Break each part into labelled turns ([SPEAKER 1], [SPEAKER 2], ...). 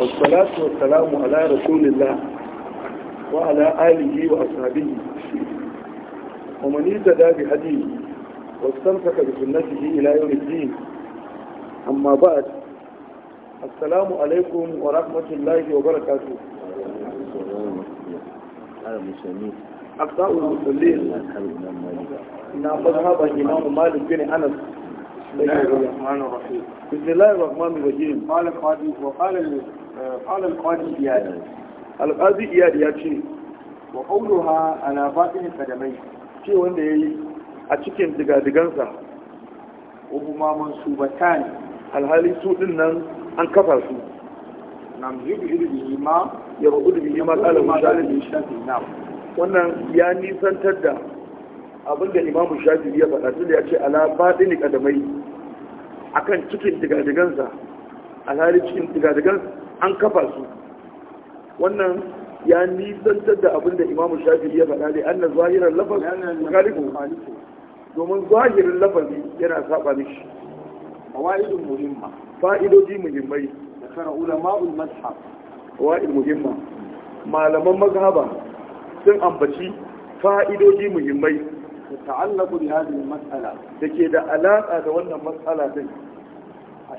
[SPEAKER 1] والصلاة والسلام على رسول الله وعلى آله وأصحابه ومن اهتدى بهديه واستمسك بسنته إلى يوم الدين أما بعد السلام عليكم ورحمة الله وبركاته أقطاع المسلمين هذا الإمام مالك بن أنس
[SPEAKER 2] بسم الله الرحمن
[SPEAKER 1] الرحيم بسم الله الرحمن الرحيم قال القاضي وقال alƙazi iyadi ya ce wa ƙaunuha ala batin kadamai ce wanda ya yi a cikin digadigansa kuma batani. alhali su ɗin nan an kafa su nam yubu ilbihi ma ya rubu yi ma qala mujahid shafi nam wannan ya nisantar da abinda imam shafi ya faɗa su da ya ce ala batin kadamai akan cikin digadigansa alhali cikin digadigansa an kafa su wannan ya nisantar da abin da imamu shafi iya faɗa ne an na zahirar lafazi galibu domin zahirin lafazi yana saba mishi fawaidun muhimma fa'idoji muhimmai da kara ulama'ul mazhab fawaid muhimma malaman mazhaba sun ambaci fa'idoji muhimmai da ta'allaku bi hadhihi mas'ala dake da alaka da wannan mas'ala din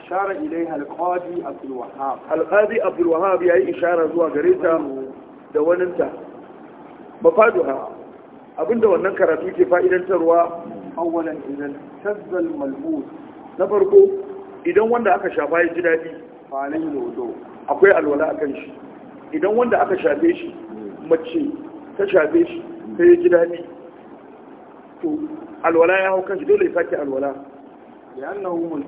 [SPEAKER 1] أشار إليها القاضي عبد الوهاب القاضي عبد الوهاب يأي إشارة زوا غريتا da waninta mafaduha abinda wannan karatu ke fa'idantarwa awwalan idan tazzal mal'ud na farko idan wanda aka shafa ya ji daɗi falai lodo akwai alwala akan shi idan wanda aka shafe shi mace ta shafe shi sai ya ji daɗi to alwala ya hau kan dole ya sake alwala ya annahu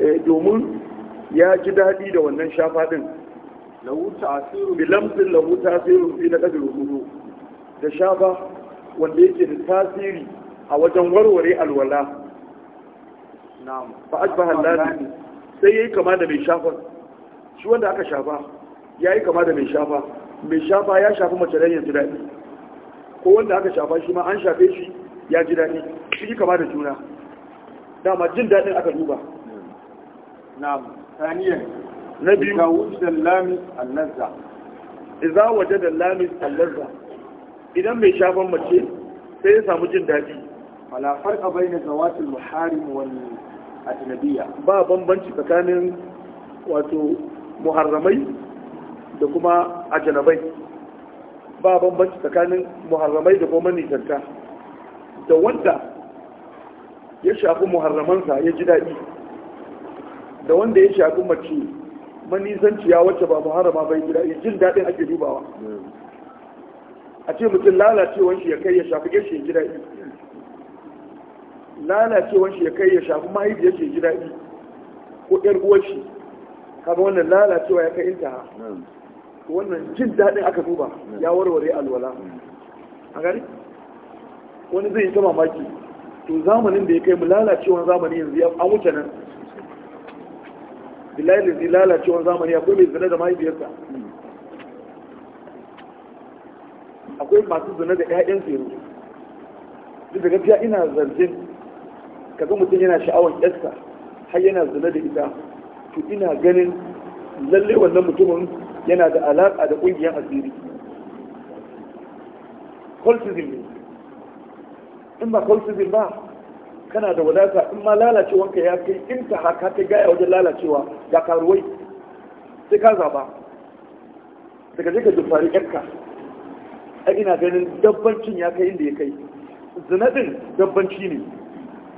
[SPEAKER 1] Eh, domin ya ji daɗi da wannan shafaɗin, ɗin bilamsin lahu tasirin fi na ƙasar hudu da shafa wanda yake da tasiri a wajen warware alwala a ba halari sai ya yi kama da mai shafa shi wanda aka shafa ya yi kama da mai shafa mai shafa ya shafi mace ranyar ji daɗi ko wanda aka shafa shi ma an shafe shi ya ji daɗi shi kama da juna dama jin daɗin aka duba na'am thaniyan na biyu ga wujdan lamis al-lazza idza wajada lamis al-lazza idan mai shafar mace sai ya samu jin daɗi fala farqa bayna zawatil muharim wal ajnabiyya ba bambanci tsakanin wato muharramai da kuma ajnabai ba bambanci tsakanin muharramai da kuma da wanda ya shafi muharramansa ya ji daɗi da wanda ya shafi mace manisanciya wacce ba muharrama bai gida ya jin daɗin ake dubawa a ce mutum lalacewar shi ya kai ya shafi gashi ya ji daɗi lalacewar shi ya kai ya shafi mahaifiyar shi ya ji daɗi ko ƴar uwar shi kaga wannan lalacewa ya kai inta wannan jin daɗin aka duba ya warware alwala a gari wani zai yi ta mamaki to zamanin da ya kai mu lalacewar zamani yanzu ya amuta nan billahi lazi lalacewar zamani akwai mai zina da mahaifiyarsa akwai masu zina da 'ya'yan zero duk da gaskiya ina zargin kaga mutum yana sha'awar yarsa har yana zina da ita to ina ganin lalle wannan mutumin yana da alaƙa da ƙungiyar asiri cultism ne in ba cultism ba kana da wadata in ma lalacewanka ya kai in ta haka ta gaya wajen lalacewa ga karuwai sai ka zaba daga je ka fari yanka a ina ganin dabbancin ya kai inda ya kai zinadin dabbanci ne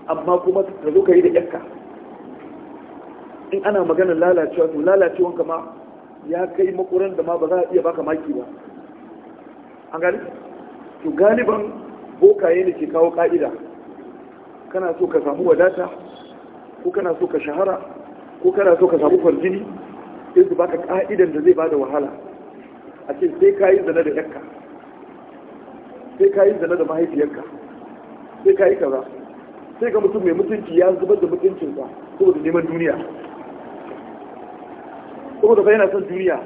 [SPEAKER 1] amma kuma ka zo ka yi da yanka in ana maganar lalacewa to lalacewanka ma ya kai makuran da ma ba za a iya baka maki ba an gani to galiban bokaye ne ke kawo ka'ida kana so ka samu wadata ko kana so ka shahara ko kana so ka samu kwarjini sai su baka ka'idan da zai bada wahala a ce sai ka yi zana da yakka sai ka yi zana da mahaifiyarka sai ka yi kaza sai ga mutum mai mutunci ya zubar da mutuncinsa saboda neman duniya saboda fa yana son duniya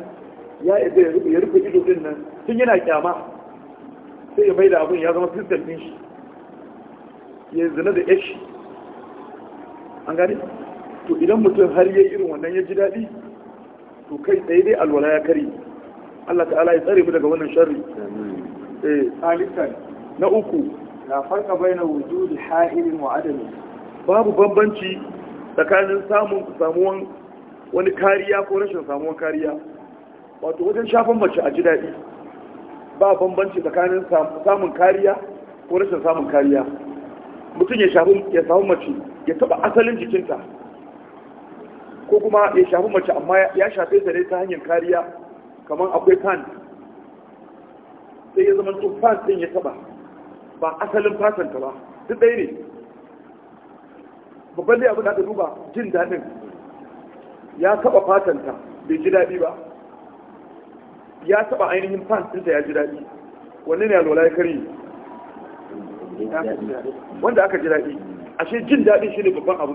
[SPEAKER 1] ya ya rufe ido din nan tun yana kyama sai ya da abin ya zama kristal din shi ya zina da yashi an gani to idan mutum har ya irin wannan ya ji daɗi to kai tsaye dai alwala ya kari Allah ta'ala ya tsare mu daga wannan sharri eh alikan na uku la farqa baina wujudi ha'ilin wa adami babu bambanci tsakanin samun samuwan wani kariya ko rashin samuwan kariya wato wajen shafan mace a ji daɗi ba bambanci tsakanin samun kariya ko rashin samun kariya mutum ya shafi ya samu mace ya taba asalin jikinta ko kuma ya shafi mace amma ya shafe ta ne ta hanyar kariya kamar akwai fan sai ya zama tun fan din ya taba ba asalin fatanta ba duk ɗaya ne babban da abu da aka duba jin daɗin ya taba fatanta bai ji daɗi ba ya taba ainihin fan ɗinta ya ji daɗi wanne ne alwala ya karye wanda aka ji daɗi ashe jin daɗi shi ne babban abu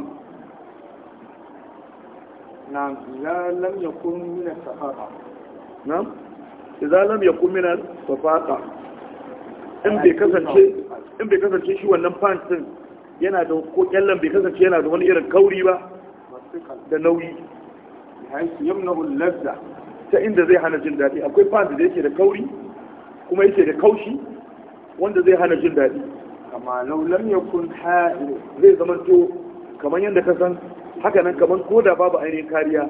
[SPEAKER 1] na zalam ya min safaqa na idza lam yakun min in bai kasance in bai kasance shi wannan fansin yana da ko kyallan bai kasance yana da wani irin kauri ba da nauyi ta inda zai hana jin daɗi akwai fans da yake da kauri kuma yake da kaushi wanda zai hana jin daɗi kama laulam ya kun ha'il zai zama to kamar yadda ka san haka nan kamar ko da babu ainihin kariya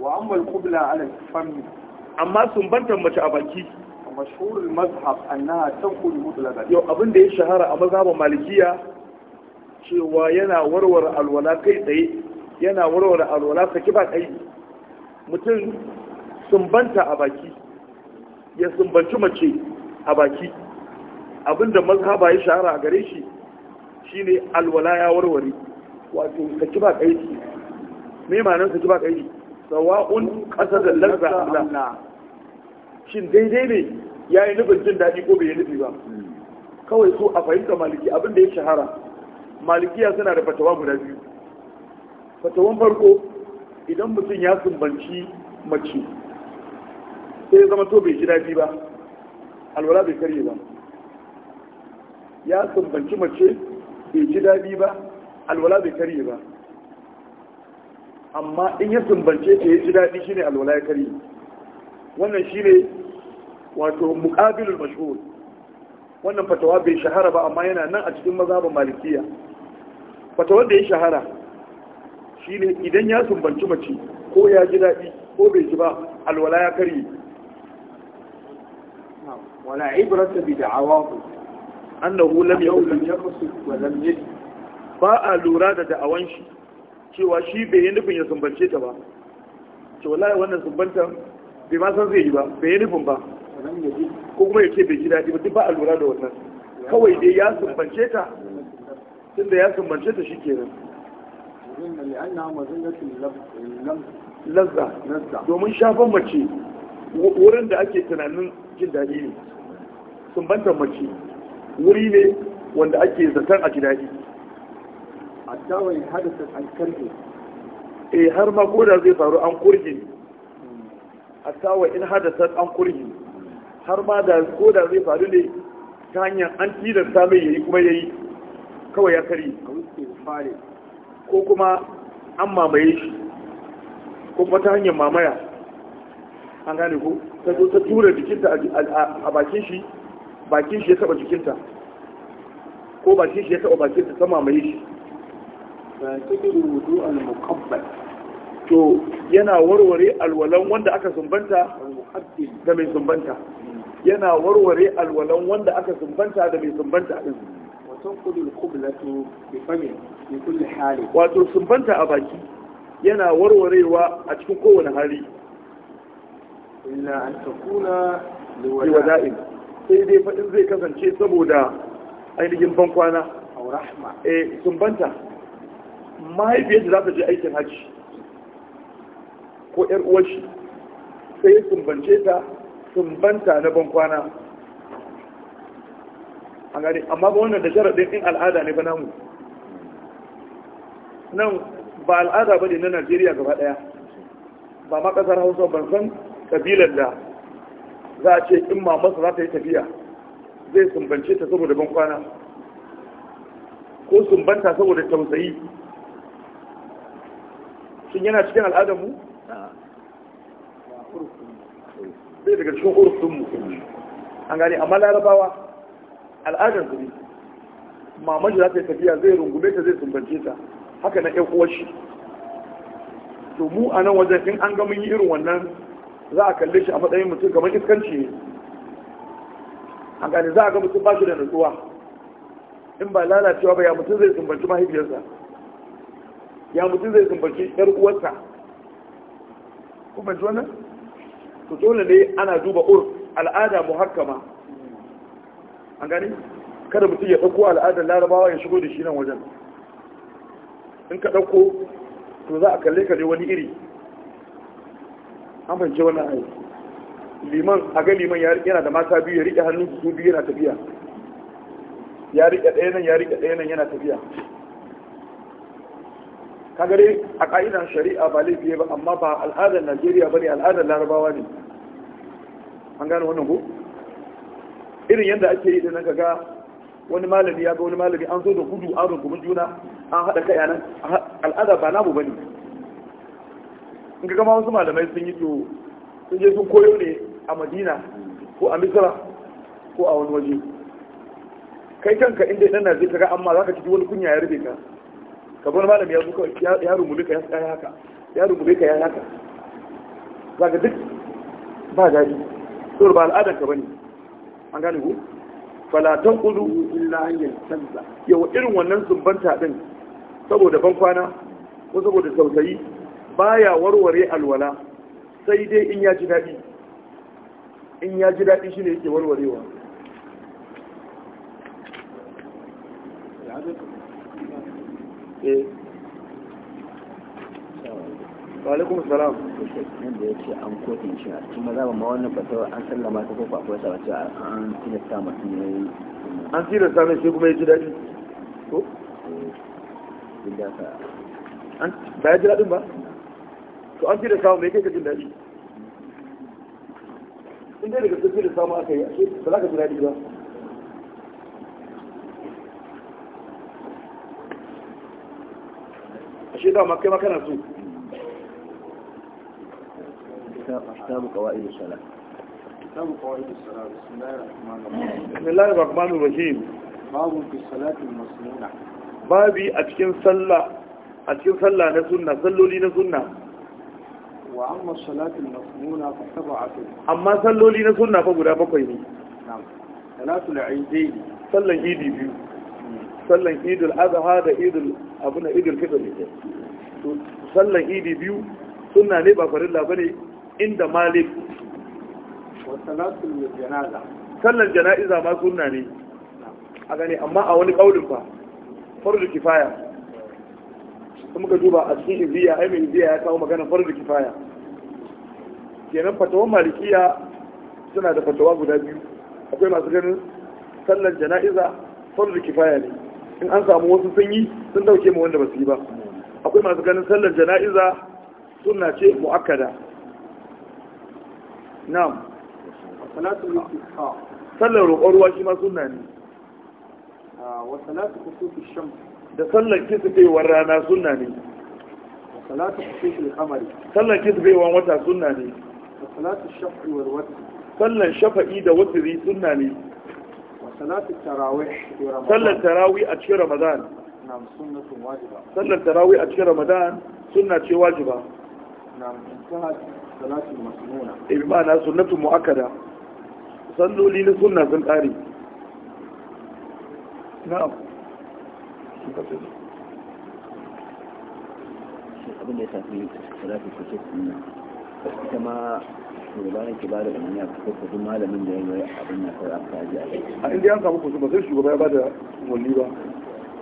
[SPEAKER 1] wa ammal kubla ala fami amma sun banta mace a baki mashhurul mazhab annaha tanqul mutlaqan yau abin da ya shahara a mazhabin malikiya cewa yana warware alwala kai tsaye yana warware alwala saki ba kai mutum sun banta a baki ya banci mace a baki abinda mazhaba ya shahara a gare shi shine alwala ya warware wato ci ba kaidi me ma'anar ci ba kaidi sawa'un qasad al-lazza amla shin daidai ne yayi nufin jin dadi ko bai nufi ba hmm. kawai so a fahimta maliki abinda ya shahara malikiya suna da fatawa guda biyu fatawan farko idan mutum ya sumbanci mace sai ya zama to bai ji daɗi ba alwala bai karye ba ya sumbanci mace bai ji daɗi ba alwala bai karye ba amma in ya sumbance ta ya ji daɗi shine alwala ya karye wannan shine wato muqabilul mashhur wannan fatawa bai shahara ba amma yana nan a cikin mazhabin malikiya fatawar da ya shahara shine idan ya sumbanci mace ko ya ji daɗi ko bai ji ba alwala ya karye wala ibrata bi da'awahu annahu lam yaqul wa lam yadi ba a lura da da'awan shi cewa shi bai yi nufin ya sumbance ta ba to wallahi wannan sumbantan bai ma san zai yi ba bai yi nufin ba ko kuma ya ce bai ji daɗi ba duk ba a lura da wannan kawai dai ya sumbance ta tunda ya sumbance ta shikenan lazza domin shafan mace wurin da ake tunanin jin daɗi ne sumbantan mace wuri ne wanda ake zaton a ji daɗi hatta wai hadasa an karbe eh har ma ko da zai faru an kurgi a wai in hadasa an kurgi har ma da ko da zai faru ne ta hanyar an tilasta mai yayi kuma yayi kawai ya kari ko kuma an mamaye shi ko kuma ta hanyar mamaya an gane ko ta zo ta tura jikinta a bakin shi bakin shi ya taba jikinta ko bakin shi ya taba bakinta ta mamaye shi cikin wudu al-muqabbal to yana warware alwalan wanda aka sumbanta da mai sumbanta yana warware alwalan wanda aka sumbanta da mai sumbanta din wato kudul qiblatu bi fami bi kulli hali wato sumbanta a baki yana warwarewa a cikin kowane hali illa an takuna liwada'in sai dai faɗin zai kasance saboda ainihin bankwana eh sumbanta mahaifiyar da za ta je aikin hajji ko ‘yar uwarshi sai ya bance ta sumbanta na bankwana a gani amma ba wannan da sharaɗin in al'ada ne ba namu nan ba al'ada ba ne na najeriya gaba ɗaya ba ma ƙasar hausa ban san ƙabilar da za a ce in mamansa za ta yi tafiya zai sumbance ta saboda ban kwana ko sumbanta saboda tausayi shin yana cikin al'adarmu? zai daga cikin urusunmu an gani amma larabawa al'adar su ne maman za ta yi tafiya zai rungume ta zai sumbance ta haka na ƴan uwashi shi. mu a nan wajen in an ga mun yi irin wannan za a kalle shi a matsayin mutum kamar iskanci ne A gane za a ga mutum ba shi da nutsuwa in ba lalacewa ba ya mutum zai sumbanci mahaifiyarsa ya mutum zai sumbanci yar uwarsa kuma ji wannan to dole ne ana duba ur al'ada muhakkama an gani? kada mutum ya ɗauko al'adar larabawa ya shigo da shi nan wajen in ka ɗauko to za a kalle ka ne wani iri an fahimci wannan ayi liman a ga liman yana da mata biyu ya rike hannun su biyu yana tafiya ya rike ɗaya nan ya rike ɗaya nan yana tafiya ka gare a ƙa'idan shari'a ba laifi ba amma ba al'adar Najeriya ba ne, al'adar Larabawa ne an gane wannan ko irin yadda ake yi da nan ga wani malami ya ga wani malami an zo da gudu an rungumin juna an haɗa kai a nan al'ada ba namu ne. in ga gama wasu malamai sun yi to sun je sun koyo ne a madina ko a misra ko a wani waje kai kanka inda idan na zai kaga amma za ka ciki wani kunya ya rube ka ka bar malam ya zuka ya rumule ka ya haka ya rumule ka ya haka za ka duk ba gaji, to ba al'adar ka bane an gane ku falatan kudu illa hanyar canza yawa irin wannan sumbanta din saboda ban kwana ko saboda tausayi baya warware alwala sai dai in ya ji daɗi in ya ji daɗi shi ne yake warwarewa eh.
[SPEAKER 2] alaikum salam nan da ya ce an kotun shi a cikin maza ba ma wannan fatawa an
[SPEAKER 1] sallama ta koko akwai sabace an tilasta mutum ya yi an tilasta mai shi kuma ya ji daɗi ko? Eh, ba ya ji daɗin ba? to an da samu mai kai ka jin daɗi in dai daga sun da samu aka yi ashe ba za ka ji daɗi ba ashe قوائد الصلاة كتاب قوائد الصلاة بسم الله الرحمن الرحيم بسم الله الرحمن الرحيم باب في الصلاة المسنونة بابي أتكن صلى أتكن صلى نسنة صلوا لي نسنة wa amma salatul masnuna fa sab'atu amma salloli na suna fa guda bakwai ne na'am salatul aidain sallan idi biyu sallan idul adha da idul na idul fitr ne to sallan idi biyu sunna ne ba farilla bane inda malik wa salatul janaza sallan jana'iza ma sunna ne a gane amma a wani kaulin fa farzu kifaya kuma ka duba a cikin ibiya ai mai ibiya ya kawo magana farzu kifaya kenan fatawan malikiya suna da fatawa guda biyu akwai masu ganin sallar jana'iza farzu kifaya ne in an samu wasu sun yi sun dauke mu wanda ba su yi ba akwai masu ganin sallar jana'iza suna ce mu'akkada na'am sallar roƙon ruwa shi ma suna ne ah, wa salatu kusufi shams da sallar kisbewar rana suna ne wa salatu kusufi al sallar wata suna ne وصلاة الشفق والوتر صلى الشفق إيدا وتري سنة لي وصلاة التراويح صلى التراوي أتشي رمضان
[SPEAKER 2] نعم سنة واجبة صلى التراوي أتشي
[SPEAKER 1] رمضان سنة أتشي واجبة
[SPEAKER 2] نعم انتهت صلاة المسنونة
[SPEAKER 1] إيمانا سنة مؤكدة صلوا لي لسنة سنتاري
[SPEAKER 2] نعم الشيخ أبن يسافي صلاة الكتب كما to bayan kibar da umarni a kusa kusa
[SPEAKER 1] malamin da ya yi abin na kawai aka ji a inda an samu kusa ba sai shugaba ya ba da umarni ba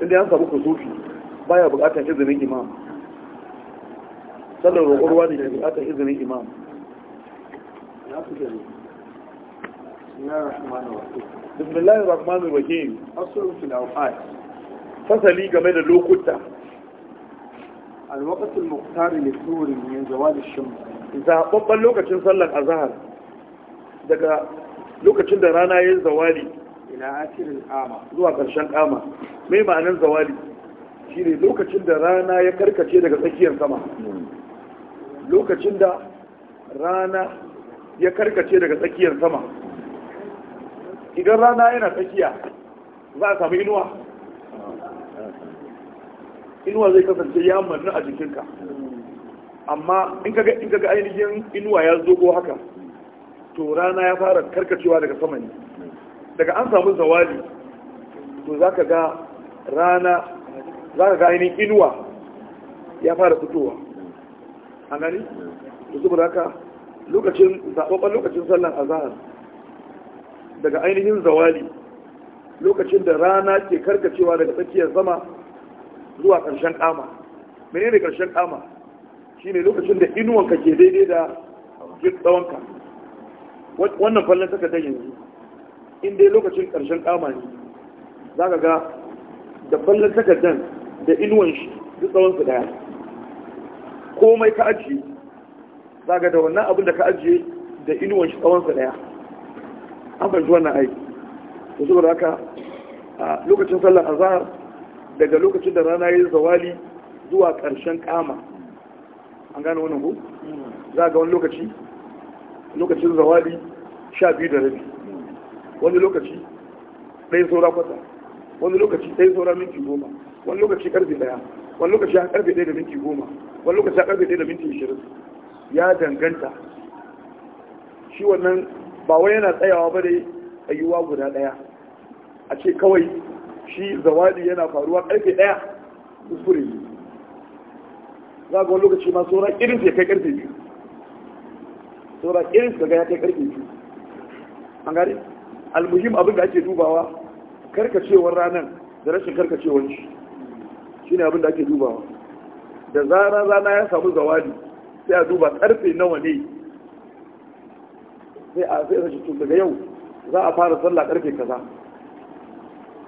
[SPEAKER 1] inda an samu kusufi baya bukatar izinin imam sallar roƙorwa ne ke bukatar izinin imam bismillahir rahmanir rahim asrul fil awqat fasali game da lokuta alwaqtul muqtar li turi min zawal ash-shams zababban lokacin sallar azhar daga lokacin da rana yayin zawali ila akhir al-qama zuwa karshen qama mai ma'anar zawali shine lokacin da rana ya karkace daga tsakiyar sama lokacin da rana ya karkace daga tsakiyar sama idan rana yana tsakiya za a samu inuwa inuwa zai kasance ya manna a jikinka amma in kaga ainihin inuwa ya zogo haka to rana ya fara karkacewa daga saman ne daga an samu zawali to za ka ga rana za ka ga ainihin inuwa ya fara fitowa an gani to zuba haka lokacin zaɓaɓɓen lokacin sallan azahar daga ainihin zawali lokacin da rana ke karkacewa daga tsakiyar sama zuwa ƙarshen ƙama menene ƙarshen ƙama shi ne lokacin da inuwanka ke daidai da tsawonka wannan fallon ta yanzu in dai lokacin ƙarshen ƙama ne za ka ga da fallon takardar da inuwan shi duk tsawonsu daya komai ka ajiye za ka da wannan abin da ka ajiye da inuwan shi tsawonsu daya an fahimci wannan aiki da saboda haka a lokacin sallar azahar daga lokacin da rana ya zawali zuwa ƙarshen kama an gane wannan hu za ga wani lokaci lokacin zawali sha biyu da rabi wani lokaci ɗaya saura kwata wani lokaci ɗaya saura minti goma wani lokaci ƙarfe ɗaya wani lokaci a ƙarfe ɗaya da minti goma wani lokaci a ƙarfe ɗaya da minti ishirin, ya danganta shi wannan ba wai yana tsayawa ba dai yiwuwa guda ɗaya a ce kawai shi zawadi yana faruwa karfe daya kuskure ne za ga wani lokaci ma tsoron irin ya kai karfe biyu tsoron irin daga ya kai karfe biyu an gari almuhim abin da ake dubawa karkacewar ranar da rashin karkacewar shi shi ne abin da ake dubawa da zara rana ya samu zawadi, sai a duba karfe nawa ne sai a sai a daga yau za a fara sallah karfe kaza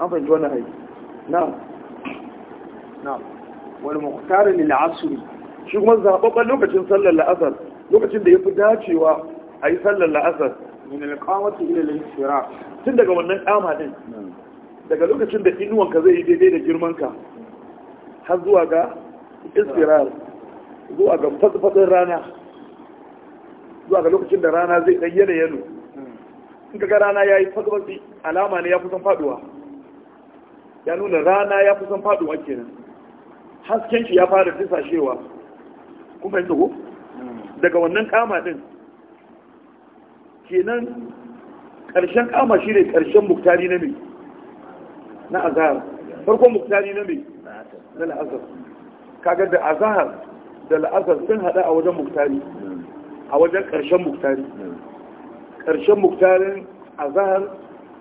[SPEAKER 1] an fahimci wannan haiti na na wani mukhtarin lil asri shi kuma zababban lokacin sallar la'asar lokacin da ya fi dacewa a yi sallar la'asar min alqamati ila al-insira tun daga wannan kama din daga lokacin da inuwanka zai yi daidai da girmanka har zuwa ga insirar zuwa ga fatsafatsin rana zuwa ga lokacin da rana zai ɗan yana yano hmm. in ka ga rana ya yi fatsafatsi alama ne ya kusan faduwa ya nuna rana ya kusan a kenan hasken shi ya fara disashewa kuma yin ko daga wannan kama din kenan ƙarshen kama shi ne ƙarshen muktari na mai na azahar farkon muktari na mai na la'azar kaga da azahar da la'azar sun hada a wajen muktari a wajen ƙarshen muktari ƙarshen muktarin azahar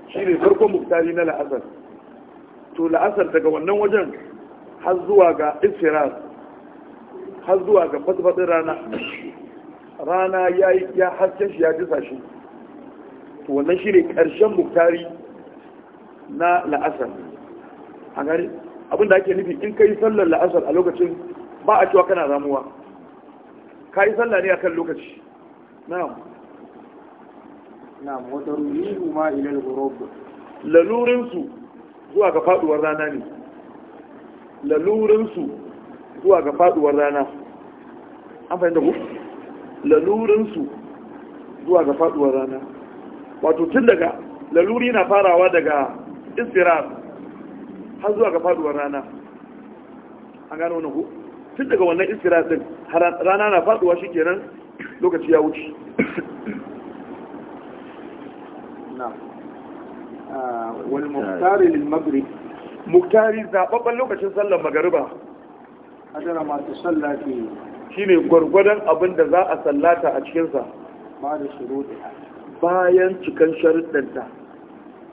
[SPEAKER 1] shi ne farkon muktari na la'azar to la'asar daga wannan wajen har zuwa ga isfirar har zuwa ga fasfaɗin rana rana ya yi ya hasken shi ya jisa shi to wannan shi ne ƙarshen muktari na la'asar a gari abinda ake nufi in ka yi sallar la'asar a lokacin ba a cewa kana ramuwa ka yi sallar ne a kan lokaci na'am na'am wadda ruhihu ma ilal ghurub lalurinsu zuwa ga faduwar rana ne lalurinsu zuwa ga faduwar rana an fahimta ku lalurinsu zuwa ga faduwar rana wato tun daga laluri na farawa daga istirar har zuwa ga faduwar rana an gano wani ku tun daga wannan istirar din rana na faduwa shi kenan lokaci ya wuce na Wani Muktari lil maghrib muhtari zababban lokacin sallar magariba adara ma ta sallati shine gwargwadon abin da za a sallata a cikinsa.
[SPEAKER 2] ba da shuruɗi
[SPEAKER 1] bayan cikan sharuɗanta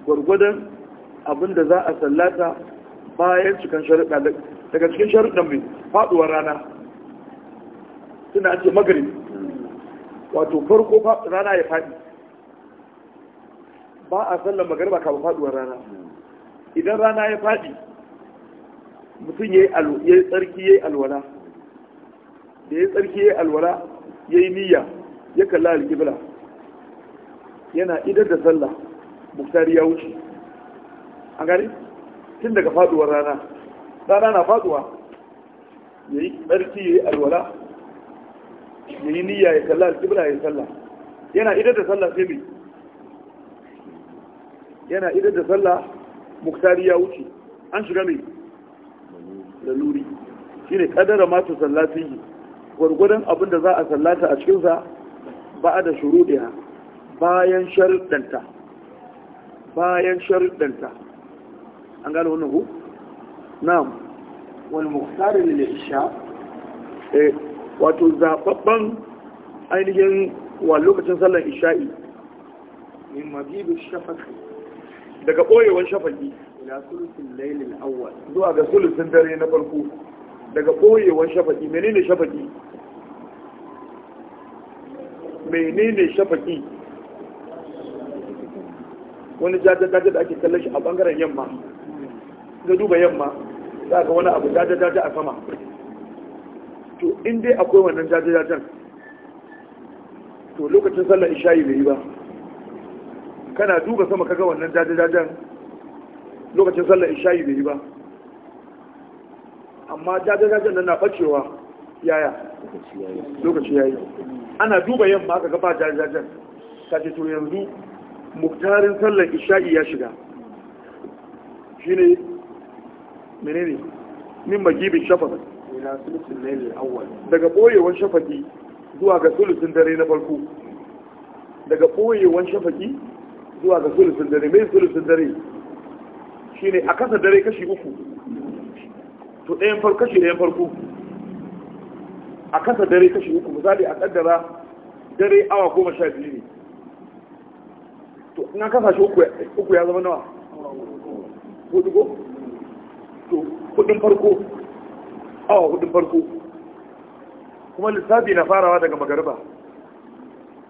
[SPEAKER 1] gwargwadon abinda za a sallata bayan cikan sharuɗa daga cikin sharuɗan mai faɗuwar rana suna ce magrib wato farko rana ya faɗi ba a sallar magariba kafin faduwar rana idan rana ya fadi mutum ya yi tsarki ya yi alwala da ya tsarki ya yi alwala ya yi niyya ya kalla alkibla yana idar da sallah muktari ya wuce a gari tun daga faduwar rana rana na faduwa ya yi tsarki ya yi alwala ya yi niyya ya kalla alkibla ya yi sallah yana idar da sallah sai bai yana idan da sallah muktari ya wuce an shiga mai laluri Shi ne kadara ma tu yi. gwargwadon abin da za a sallata a cikinsa ba da shuru ɗaya. bayan sharuɗanta bayan sharuɗanta an gano wannan ku? na'am wani muktarin lisha isha? Eh, wato zaɓaɓɓen ainihin wa lokacin sallar isha'i min mabibu shafaƙi daga ɓoyewar shafaki awwal zuwa ga sulusin dare na farko daga ɓoyewar shafaki menene shafaki menene shafaki wani jajajaja da ake kallon shi a ɓangaren yamma ga duba yamma za ga wani abu jajajaja a sama to in dai akwai wannan jajajajan to lokacin sallar isha'i bai yi ba kana duba sama kaga wannan dajajajen lokacin sallar isha'i bai yi ba amma dajajajen nan na bacewa yaya lokaci yayi ana duba yamma aka gaba dajajajen kace to yanzu muktarin sallar isha'i ya shiga shine menene min magibin shafaq ila sulusul layl al-awwal daga boyewar shafaqi zuwa ga sulusin dare na farko daga boyewar shafaqi zuwa ga sulusun dare mai sulusun dare shi ne a kasa dare kashi uku to ɗayan farko kashi ɗayan farko a kasa dare kashi uku misali a ƙaddara dare awa goma sha biyu ne to in an kasa shi uku ya zama nawa hudu ko to hudun farko awa hudun farko kuma lissafi na farawa daga magariba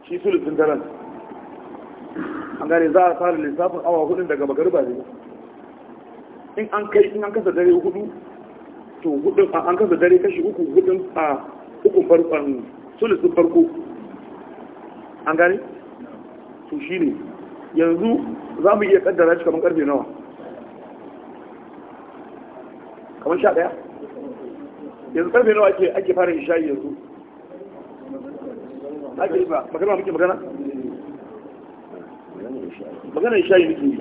[SPEAKER 1] shi sulusun daren an gane za a fara lissafin awa hudun daga magariba ne in an kai in an kasa dare hudu to hudun an kasa dare kashi uku hudun a uku farkon sulisun farko an gane shi ne yanzu za mu iya kaddara shi kamar karfe nawa kamar sha daya yanzu karfe nawa ake fara isha'i yanzu ake ba magana muke magana magana shayi nake yi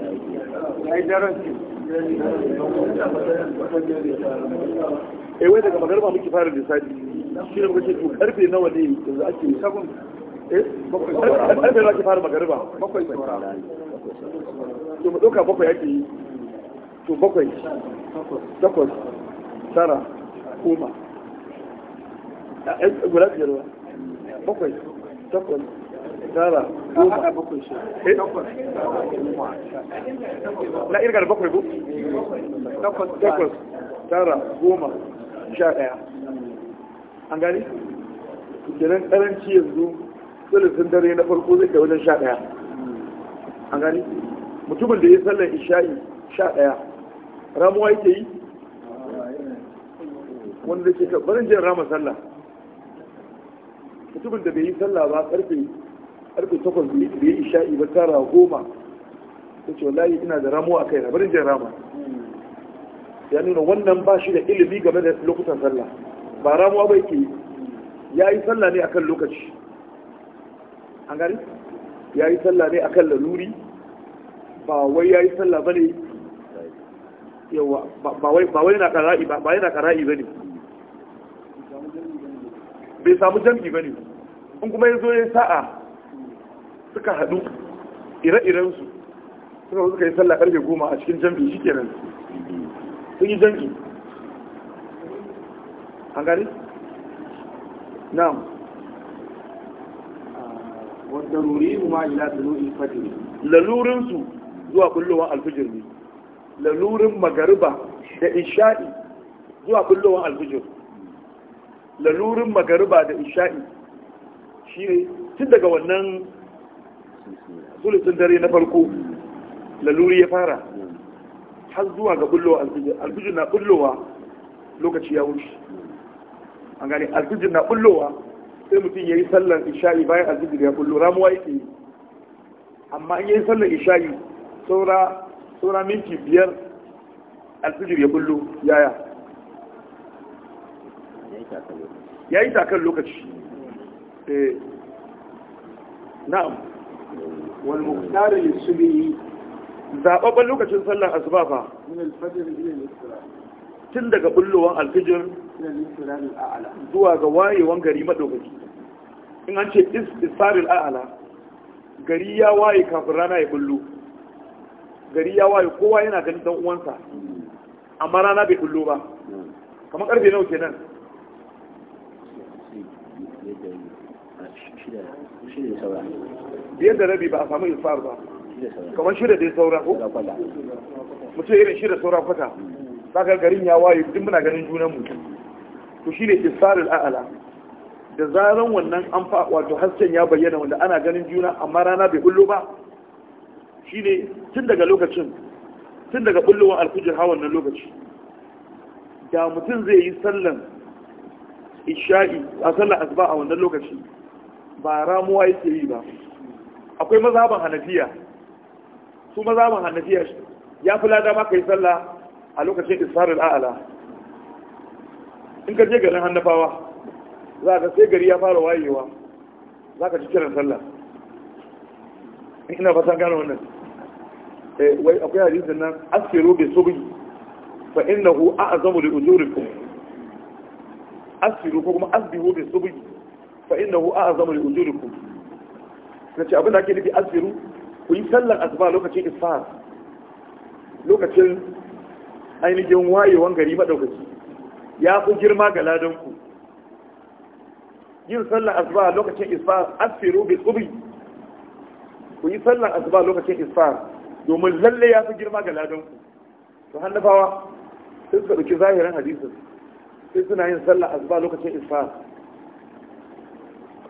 [SPEAKER 1] eh wai daga magarba muke fara da sadi shi ne muka ce to karfe nawa ne yanzu ake sabon eh karfe nawa ke fara magarba bakwai to mu dauka bakwai ake yi to bakwai takwas tara koma a goma eh, guda biyar bakwai takwas tara goma bakwai shi eh?
[SPEAKER 2] na irga da bakwai ko takwas tara
[SPEAKER 1] goma sha ɗaya an gani kenan karanci yanzu sulutun dare na farko zai kai wajen sha ɗaya an gani mutumin da ya sallar isha'i sha ɗaya ramuwa yake yi wanda ke barin jin rama sallah mutumin da bai yi sallah ba karfe karfe takwas da ya isha'i ba tara goma ta ce wallahi ina da ramuwa a kai na bari jin rama ya nuna wannan ba shi da ilimi game da lokutan sallah ba ramuwa bai ke. ya yi sallah ne akan lokaci an gari ya yi sallah ne akan laluri ba wai ya yi sallah ba ne yawa ba wai na kara'i ba yana kara'i ba ne bai samu jam'i ba ne in kuma ya zo ya sa'a suka haɗu ire-irensu suka zo suka yi sallah karfe goma a cikin jam'i shi kenan sun yi jam'i an Na mu. wadda ruri ma ila tulu'in fajiri lalurinsu zuwa kullowar alfijir ne lalurin magariba da isha'i zuwa kullowar alfijir lalurin magariba da isha'i shi ne tun daga wannan sulusun dare na farko laluri ya fara har zuwa ga bullowa alfijir alfijir na bullowa lokaci ya wuce an gani alfijir na bullowa sai mutum ya yi sallar isha'i bayan alfijir ya bullo ramuwa yake yi amma in ya yi sallar isha'i saura minti biyar alfijir ya bullo yaya ya yi takan lokaci eh, na'am wal muqtar lis subhi zababban lokacin sallar asuba fa tun daga bullowan alfijir zuwa ga wayewan gari madaukaki in an ce isfaril a'ala gari ya waye kafin rana ya bullo gari ya waye kowa yana ganin dan uwansa amma rana bai bullo ba kamar karfe nawa kenan shida Biyan da rabi ba a samu isfar ba kamar shida dai saura ko mutum irin shida saura kwata ga garin ya waye duk muna ganin junan mu to shine isfarul al'ala da zaran wannan an fa wato hasken ya bayyana wanda ana ganin juna amma rana bai bullo ba shine tun daga lokacin tun daga bullowar alfijir hawan nan lokaci da mutum zai yi sallan isha'i a sallan asuba a wannan lokaci ba ramuwa yake yi ba akwai mazhaban hanafiya su mazhaban hanafiya ya fi lada ma kai sallah a lokacin isfarul a'ala in ka je garin hannafawa za ka sai gari ya fara wayewa za ka ci kiran sallah ina fata gane wannan eh, wai akwai hadisin nan asiru bi subhi fa innahu a'zamu li ujurikum asiru ko kuma asbihu bi subhi fa innahu a'zamu li ujurikum suka ce abinda ake nufi asiru. ku yi sallar asuba lokacin isfar lokacin ainihin wayewan gari madaukaki ya fi girma ga ladanku yin sallar asuba lokacin isfar asiru bai tsubi ku yi sallar asuba lokacin isfar domin lalle ya fi girma ga ladanku to hannabawa sun suka ɗauki zahirin hadisin sai suna yin sallar asuba lokacin isfar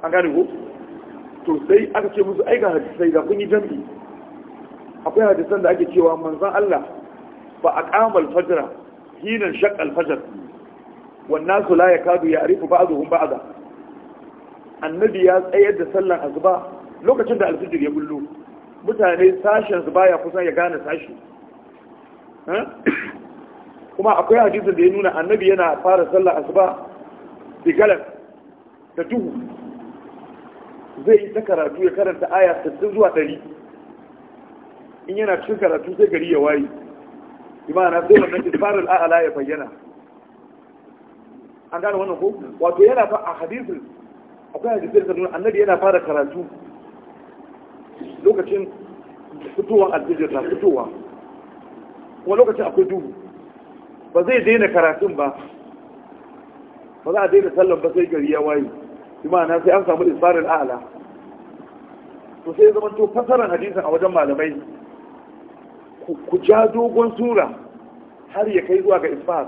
[SPEAKER 1] an gane ku to sai aka ce musu aika hadisai da kun yi jam'i akwai hadisan da ake cewa manzan Allah ba a kamal fajira hinan shak alfajar wannan su la ya kadu ya arifu ba'aduhum ba'ada annabi ya tsayar da sallar azuba lokacin da alfijir ya bullo mutane sashen su baya kusan ya gane sashi kuma akwai hadisin da ya nuna annabi yana fara sallar azuba bigalar da duhu zai yi ta karatu ya karanta aya 60 zuwa ɗari. in yana cikin karatu sai gari ya wayi. imana sai wannan isfarar al'ala ya bayyana an gane wannan ko wato yana fa a hadisin akwai hadisin da nuna annabi yana fara karatu lokacin fitowar aljijir na fitowa kuma lokacin akwai duhu ba zai daina karatun ba ba za a daina sallan ba sai gari ya wayi. imana sai an samu isfarin ala to sai zama to fasaran hadisin a wajen malamai ku ja dogon sura har ya kai zuwa ga isfar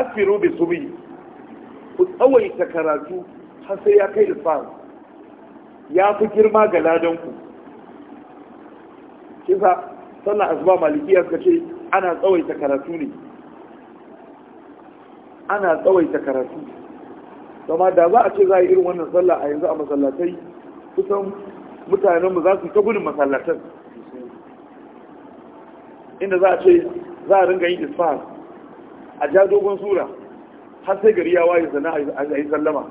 [SPEAKER 1] asfiru bi subi ku tsawaita karatu har sai ya kai isfar ya fi girma ga ladanku kisa sannan asuba malikiya suka ce ana tsawaita karatu ne ana tsawaita karatu amma da za a ce za a yi irin wannan sallah a yanzu a masallatai kusan mutanenmu za su yi ta gudun masallatan inda za a ce za a ringa yin isfahar a ja dogon sura har sai gari ya waye sana a yi sallama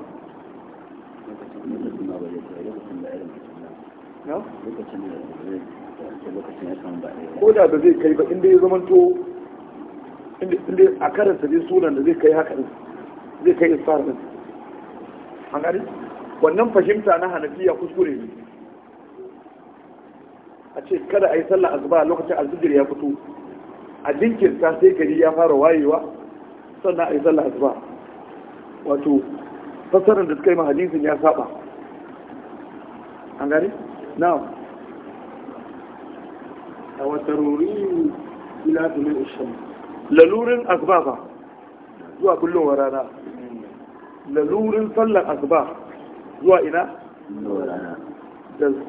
[SPEAKER 1] ko da ba zai kai ba inda ya zamanto inda a karanta dai sunan da zai kai haka zai kai isfahar an wannan fahimta na hanafiya kuskure ne a ce kada a yi sallah asuba lokacin alfijir ya fito a jinkirta sai gari ya fara wayewa sannan a yi sallah asuba wato fassarar da suka yi hadisin ya saba an gani na'am a wata ruri ila dumin ishan lalurin asuba ba zuwa kullum wa rana lalurin sallar asuba zuwa ina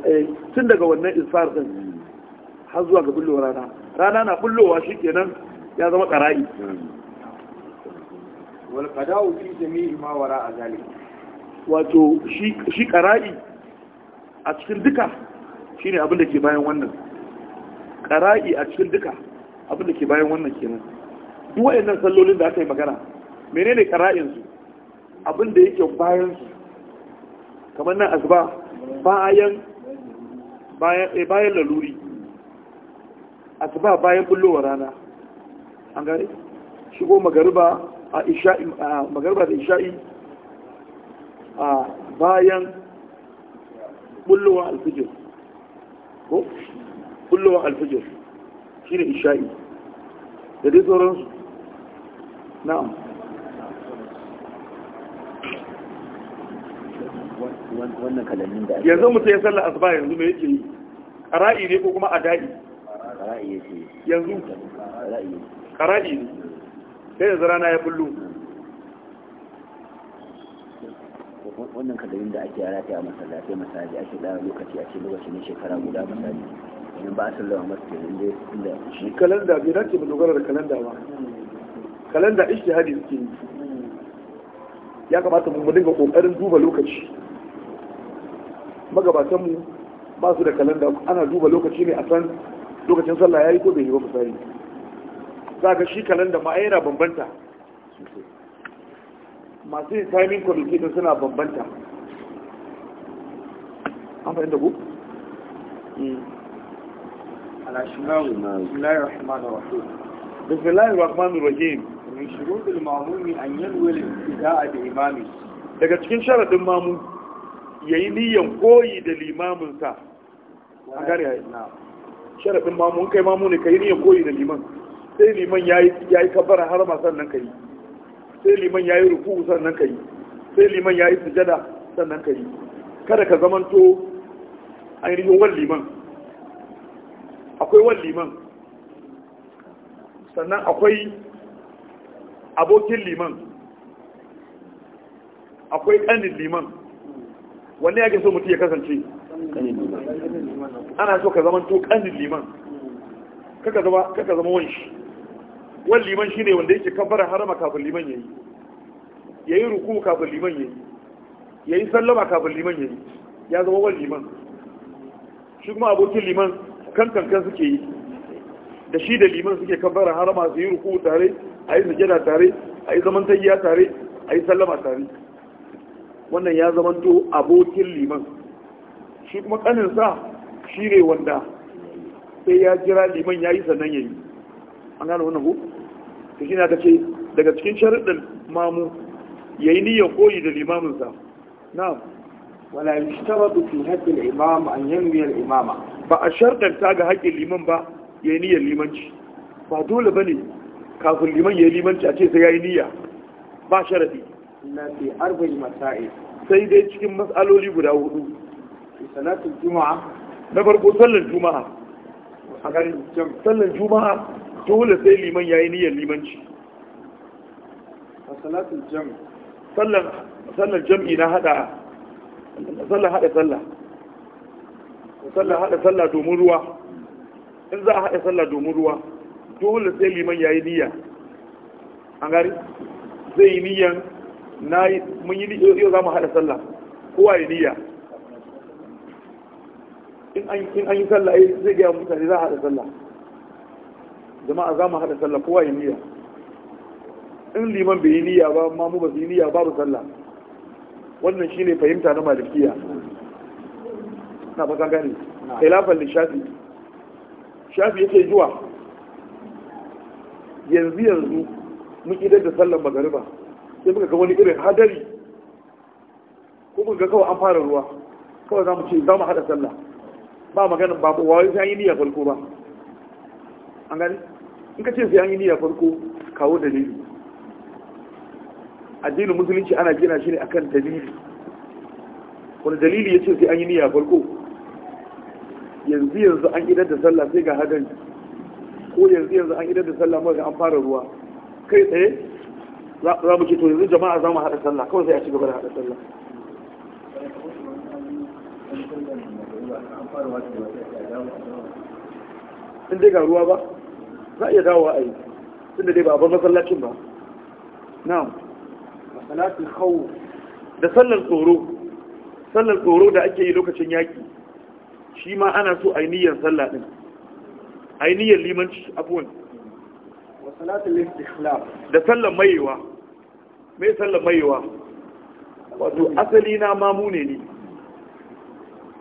[SPEAKER 1] eh, tun daga wannan isfar din har zuwa ga bullo rana rana na bullowa kenan ya zama ƙara'i. wal qada'u fi jami'i ma a zalik wato shi shi a cikin duka shine abin da ke bayan wannan Ƙara'i a cikin duka abin da ke bayan wannan kenan duk wayannan sallolin da aka yi magana menene qara'in su abin da yake bayan su kamar nan asuba bayan bayan eh, laluri asuba bayan bullowar rana an gare shigo magariba a isha'i magariba da isha'i a bayan bullowar alfijir ko bullowar alfijir shine isha'i da dai sauransu na'am wannan kalannin da yanzu mutum ya sallar asuba yanzu me yake yi qara'i ne ko kuma adai qara'i yake yanzu qara'i ne sai yanzu rana ya bullo
[SPEAKER 2] wannan kalannin da ake rata a masallatai masallaci ake da lokaci a cikin lokacin
[SPEAKER 1] shekara guda misali yanzu ba a wa masu kenan ya shi kalanda bai dace ba dogara da kalanda ba kalanda ishtihadi suke yi ya kamata mu dinga kokarin duba lokaci magabatanmu ba su da kalanda ana duba lokaci ne a san lokacin sallah ya yi ko bai yi ba misali za ka shi kalanda ma yana bambanta masu yin timing communication suna bambanta an fahimta ku? بسم الله الرحمن الرحيم من شروط المامون أن ينوي الابتداء بإمامه daga cikin sharadin mamu Ya yi niyyar koyi da limamin sa an gane ya sharadin mamun kai mamu ne ka yi niyyar koyi da liman sai liman ya yi kabbara har ma sannan yi. sai liman ya yi ruku sannan yi. sai liman ya yi sujada sannan yi. kada ka zamanto ainihin wal liman akwai wal liman sannan akwai abokin liman akwai ɗanin liman wanne yake so mutum ya kasance ana so ka zama to kanin liman kaka zama kaka zama wanshi wani liman shi ne wanda yake kafara harama kafin liman yayi yayi ruku kafin liman yayi yayi sallama kafin liman yayi ya zama wani liman shi kuma abokin liman kan kankan suke yi da shi da liman suke kafara harama su yi ruku tare a yi sujada tare a yi zaman tayya tare a yi sallama tare wannan ya zama zamanto abokin liman shi kuma kaninsa shi ne wanda sai ya jira liman ya yi sannan ya yi an gano wannan ku? ta shi na ta ce daga cikin sharaɗin mamu ya yi niyyar koyi da limaminsa na wala yi shtaratu fi haƙƙin imam an yanwiyar imama ba a sharɗanta ga haƙƙin liman ba ya yi niyyar limanci ba dole ba ne kafin liman ya yi limanci a ce sai ya yi niyya ba sharaɗi illa fi masa'i sai dai cikin mas'aloli guda hudu salatul juma'a na farko sallar juma'a a garin sallar juma'a dole sai liman yayi niyyar limanci salatul jam sallar sallar jam'i na hada sallar hada sallah sallar hada sallah domin ruwa in za a hada sallah domin ruwa dole sai liman yayi niyya an gari zai yi niyyar. na yi mun yi yau za mu haɗa sallah kowa ya niyya in an yi sallah ai eh, zai gaya mutane za a haɗa sallah jama'a za mu haɗa sallah kowa ya niyya in liman bai yi niyya ba ma mu ba su yi niyya babu sallah wannan shine fahimta na malikiya na fasa gani khilafan li shafi shafi yake zuwa yanzu yanzu mun idar da sallan magariba sai muka ga wani irin hadari ko muka ga kawai an fara ruwa kawai za mu ce za mu haɗa sallah ba maganin ba wai sai an yi niyya farko ba an gani in ka ce sai an yi niyya farko kawo dalili addinin musulunci ana gina shi ne akan dalili wani dalili ya ce sai an yi niyya farko yanzu yanzu an idar da sallah sai ga hadari ko yanzu yanzu an idar da sallah maka an fara ruwa kai tsaye za mu ke to yanzu jama'a za mu haɗa sallah kawai sai a ci gaba da haɗa sallah in dai ga ruwa ba za a iya dawo a yi tunda dai ba a bar masallacin ba na'am masallacin hau. da sallar tsoro sallar tsoro da ake yi lokacin yaki shi ma ana so a niyyar sallah ɗin. a niyyar limanci abuwan da sallar mayewa mai sallar maiwa wato asali na mamu ne ni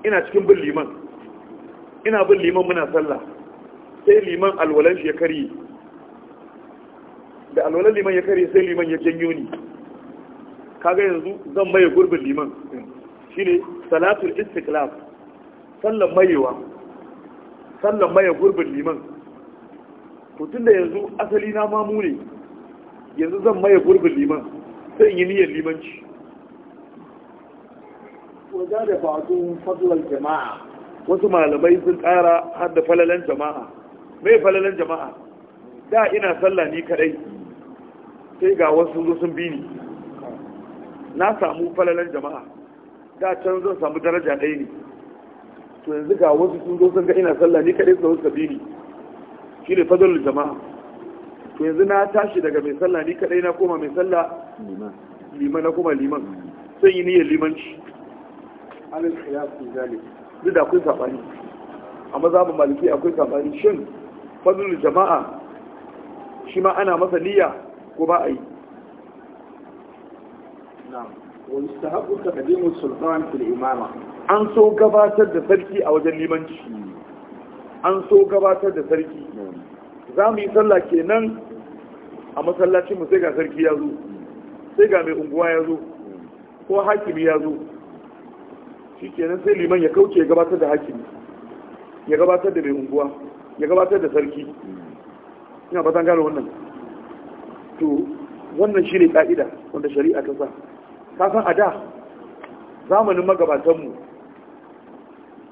[SPEAKER 1] ina cikin bin liman ina bin liman muna sallah sai liman alwalan shi ya kare da alwalan liman ya karye sai liman ya janyo ni kaga yanzu zan maye gurbin liman shine salatul istiqlal sallar mayewa sallar maye gurbin liman to tunda yanzu asali na mamu ne yanzu zan maye gurbin liman sai yi niyyar limanci wajen da fadun fadlar jama'a wasu malamai sun ƙara har da falalan jama'a mai falalan jama'a da ina sallah ni kadai sai ga wasu zo sun bi ni na samu falalan jama'a da can zan samu daraja ɗaya ne to yanzu ga wasu sun zo sun ga ina sallah ni kadai su zo bi ni shi ne fadlar jama'a yanzu na tashi daga mai sallah ni kadai na koma mai sallah liman na koma liman sai yi niyyar limanci alin khilaf fi zalik duk da akwai sabani a mazabin maliki akwai sabani shin fadlul jama'a shi ma ana masa niyya ko ba a yi wa yustahabbu taqdimu sultan fil imama an so gabatar da sarki a wajen limanci hmm. an so gabatar da sarki hmm. za mu yi sallah kenan a masallacinmu mu sai ga sarki ya zo sai ga mai unguwa ya zo ko hakimi ya zo shi kenan sai liman ya kauce ya gabatar da hakimi ya gabatar da mai unguwa ya gabatar da sarki ina fatan gano wannan to wannan shi ne ka'ida wanda shari'a ta sa ka san a da zamanin magabatanmu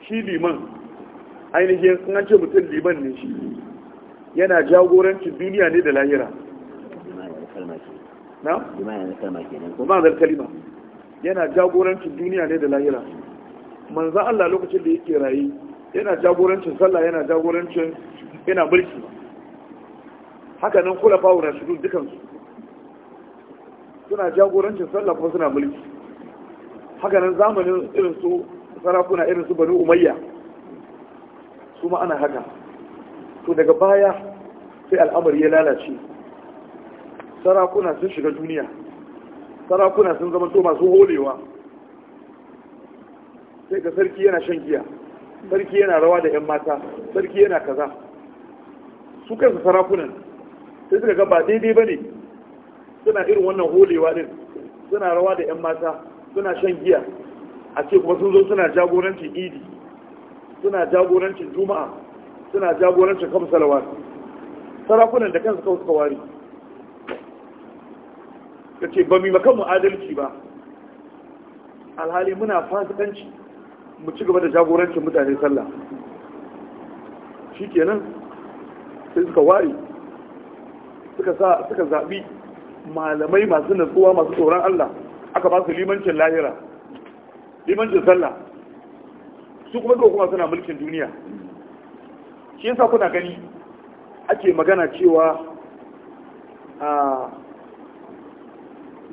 [SPEAKER 1] shi liman ainihin an ce mutum liman ne shi yana jagorancin duniya ne da lahira na ma'anar kalima yana jagorancin duniya ne da lahira manzan Allah lokacin da yake rayu yana jagorancin sallah yana jagorancin yana mulki haka nan kula fawo na shirin dukansu suna jagorancin sallah kuma suna mulki haka nan zamanin irin su sarakuna irin su Bani umayya su ma ana haka to daga baya sai al'amari ya lalace sarakuna sun shiga duniya sarakuna sun zama to masu holewa sai ga sarki yana shan giya sarki yana rawa da 'yan mata sarki yana kaza su kansu sarakunan sai suka ga ba daidai ba ne suna irin wannan holewa din suna rawa da 'yan mata suna shan giya a ce kuma sun zo suna jagorancin idi suna jagorancin juma'a suna jagorancin kamsalawar sarakunan da kansu kawai suka ka ce ba mu makan mu adalci ba alhali muna fasikanci mu ci gaba da jagorancin mutane sallah shikenan sai suka ware suka zaɓi malamai masu natsuwa masu tsoron Allah aka ba su limancin lahira limancin sallah su kuma kuma suna mulkin duniya shi yasa kuna gani ake magana cewa a ah,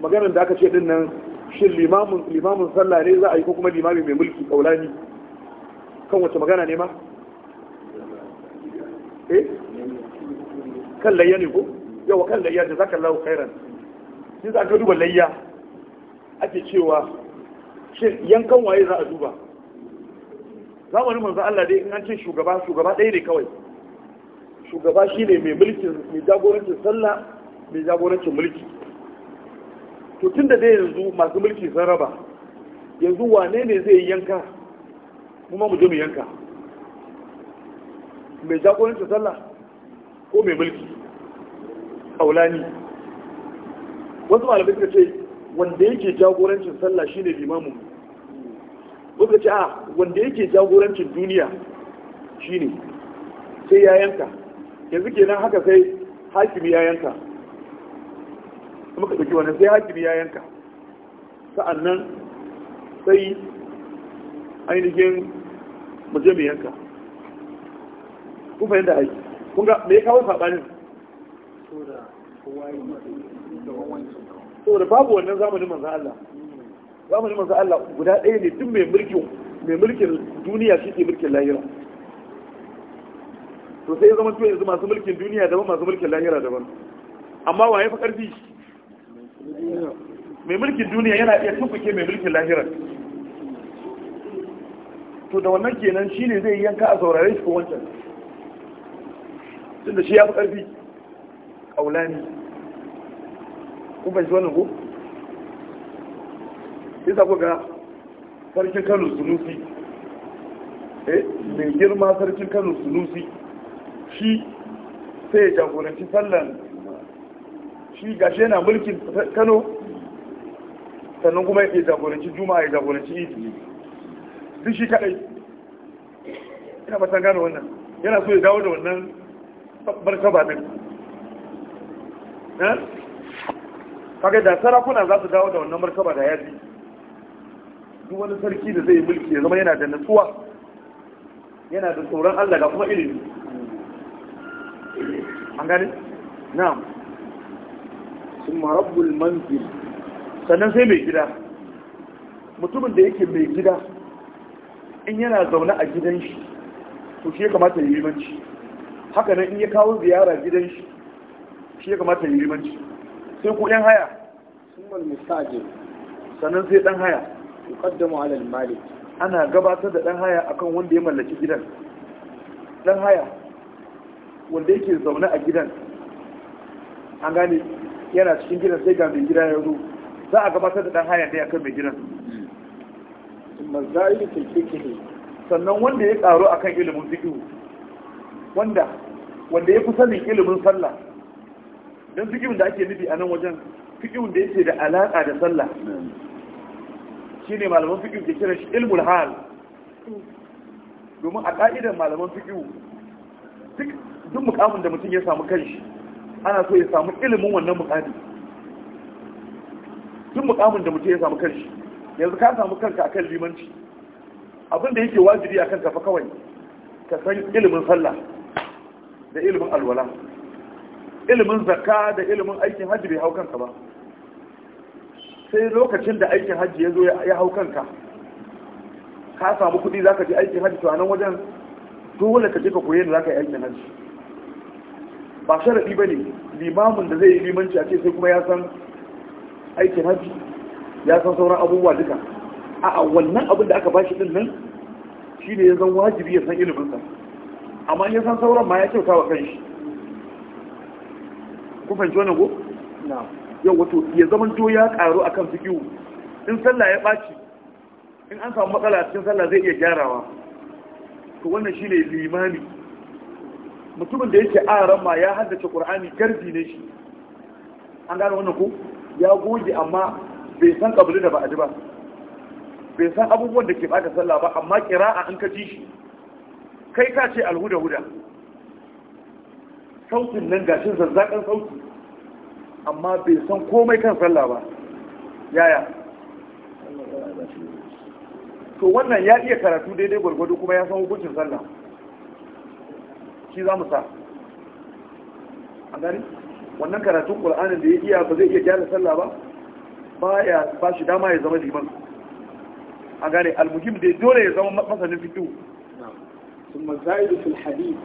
[SPEAKER 1] maganar da aka ce din nan shin limamin limamin sallah ne za a yi ko kuma limami mai mulki kaulani kan wace magana ne ma eh kan layya ne ko yau kan layya da zaka lau khairan shi za ka duba layya ake cewa shin yankan waye za a duba zamanin manzo Allah dai in an ce shugaba shugaba ɗaya ne kawai shugaba shine mai mulkin mai jagorancin sallah mai jagorancin mulki to tun da dai yanzu masu mulki sun raba yanzu wane ne zai yanka kuma mu je mu yanka mai jagorancin sallah ko mai mulki kaulani wasu malamai suka ce wanda yake jagorancin sallah shine limamu wasu ce a wanda yake jagorancin duniya shine sai ya yanka yanzu kenan haka sai hakimi ya yanka muka ɗauki wannan sai hakimi ya yanka sa'annan sai ainihin muje mu yanka kun fahimta aiki kun ga me ya kawo saɓanin saboda babu wannan zamanin manzan Allah zamanin manzan Allah guda ɗaya ne duk mai mulkin mai mulkin duniya shi ke mulkin lahira to sai ya zama yanzu masu mulkin duniya daban masu mulkin lahira daban amma waye fa ƙarfi shi mai mulkin duniya yana iya tukuke mai mulkin lahirar to da wannan kenan shi ne zai yanka a saurare shi ko wancan tun da shi ya fi ƙarfi ƙaulani kun fahimci wannan ko isa ku ga sarkin kano sunusi eh mai girma sarkin kano sunusi shi sai ya jagoranci sallan shi gashi yana mulkin kano sannan kuma ya jagoranci juma'a ya jagoranci idi duk shi kadai ina fatan gano wannan yana so ya dawo da wannan martaba din eh? kaga da sarakuna za su dawo da wannan martaba da yaji duk wani sarki da zai mulki ya zama yana da nutsuwa, yana da tsoron Allah ga kuma ilimi an gane na'am kuma rabbul manzil sannan sai mai gida mutumin da yake mai gida in yana zaune a gidan shi to shi ya kamata yi limanci haka nan in ya kawo ziyara gidan shi shi ya kamata yi limanci sai ku yan haya sun mal musaje sannan sai dan haya yuqaddamu ala al-malik ana gabatar da dan haya akan wanda ya mallaki gidan dan haya wanda yake zaune a gidan an gane yana cikin gidan sai ga mai gida ya zo za a gabatar da dan haya ne akan mai gidan mazali tilfikihi sannan wanda ya karo akan ilimin fiqh wanda wanda ya fi sanin ilimin sallah dan fiqh da ake nufi a nan wajen fiqh da yake da alaka da sallah shine malaman fiqh ke kiran shi ilmul hal domin a ka'idar malaman fiqh duk mukamin da mutum ya samu kanshi ana so ya samu ilimin wannan mukami Tun mukamin da mutum ya samu kanshi yanzu ka samu kanka akan limanci abin da yake wajibi akan tafi kawai ka san ilimin sallah da ilimin alwala ilimin zakka da ilimin aikin hajji bai hau kanka ba sai lokacin da aikin hajji ya zo ya hau kanka ka samu kuɗi za ka je aikin hajji to a nan wajen dole ka je ka koyi da za ka yi aikin hajji ba sharafi ba ne limamin da zai yi limanci a ce sai kuma ya san aikin haji ya san sauran abubuwa duka a wannan abin da aka ba shi dinnan shi ne ya zan wajibi ya san iliminsa amma ya san sauran ma ya kyauta wa kanshi ku fahimci wannan ko na yau wato ya zama to ya karu akan fikihu in sallah ya ɓaci in an samu matsala cikin sallah zai iya gyarawa to wannan shi ne limami mutumin da yake a ma ya haddace qur'ani garbi ne shi an gano wannan ku? ya goge amma bai san kabili da ba'adi ba bai san abubuwan da ke bata sallah ba amma qira'a an ka ji shi kai ka ce alhuda huda sautin nan gashin zazzakan sauti amma bai san komai kan sallah ba yaya to wannan ya iya karatu daidai gwargwado kuma ya san hukuncin sallah shi za mu sa an gani wannan karatun ƙur'anin da ya iya ba zai iya gyara sallah ba ba ya ba shi dama ya zama liman a gane almuhim da dole ya zama masanin fikihu sun mazaidu fil hadith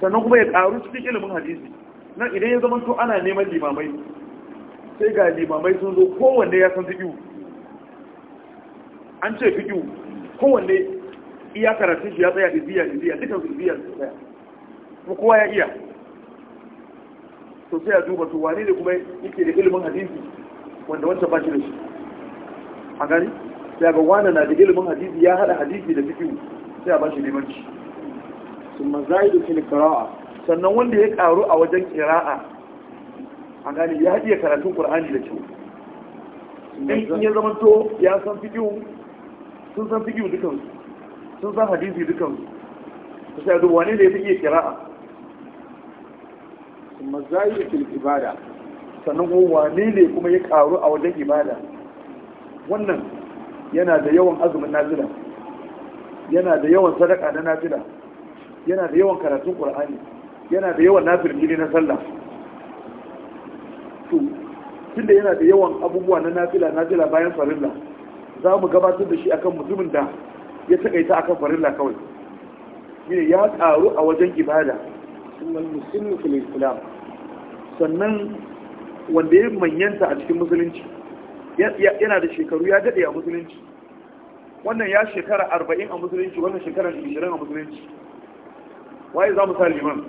[SPEAKER 1] sannan kuma ya karu cikin ilimin hadisi nan idan ya zama to ana neman limamai sai ga limamai sun zo kowanne ya san fikihu an ce fikihu kowanne iya karatun shi ya tsaya iziya iziya dukkan iziya su tsaya ko kowa ya iya sosai a duba to wane ne kuma yake da ilimin hadisi wanda wancan ba shi da shi a gani sai ga wane na da ilimin hadisi ya hada hadisi da fikin sai a ba shi neman limanci sun da fil qira'a sannan wanda ya karu a wajen kira'a a gani ya iya karatun qur'ani da kyau in ya zama to ya san fikin sun san fikihu dukansu sun san hadisi dukansu sai a duba wane ne ya fi iya kira'a kuma zai fil ibada sannan ko wane ne kuma ya karu a wajen ibada wannan yana da yawan azumin nazila yana da yawan sadaka na nazila yana da yawan karatun qur'ani yana da yawan nafilfili na sallah to tunda yana da yawan abubuwa na nafila nafila bayan farilla za mu gabatar da shi akan mutumin da ya takaita akan farilla kawai shine ya karu a wajen ibada والمسن في islam sannan wanda ya manyanta a cikin musulunci yana da shekaru ya daɗe a musulunci wannan ya shekara arba'in a musulunci wannan shekara ishirin a musulunci waye za mu sa liman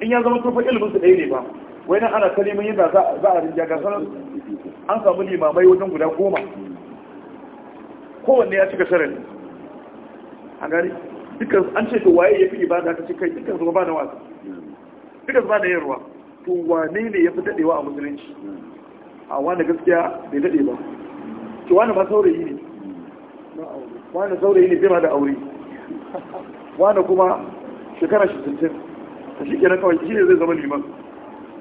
[SPEAKER 1] in ya zama tofa ilimin su ɗaya ne ba wai nan ana kalimin yadda za a rinja gasar an samu limamai wajen guda goma kowanne ya cika sharar a gari dukkan an ce to waye yafi ibada ka ce kai dukkan su ba da wasu dukkan su ba da yarwa to wane ne yafi dadewa a musulunci a wani gaskiya bai dade ba to wani ba saurayi ne wani saurayi ne bai ma da aure wani kuma shekara 60 ta shi kenan kawai shi ne zai zama liman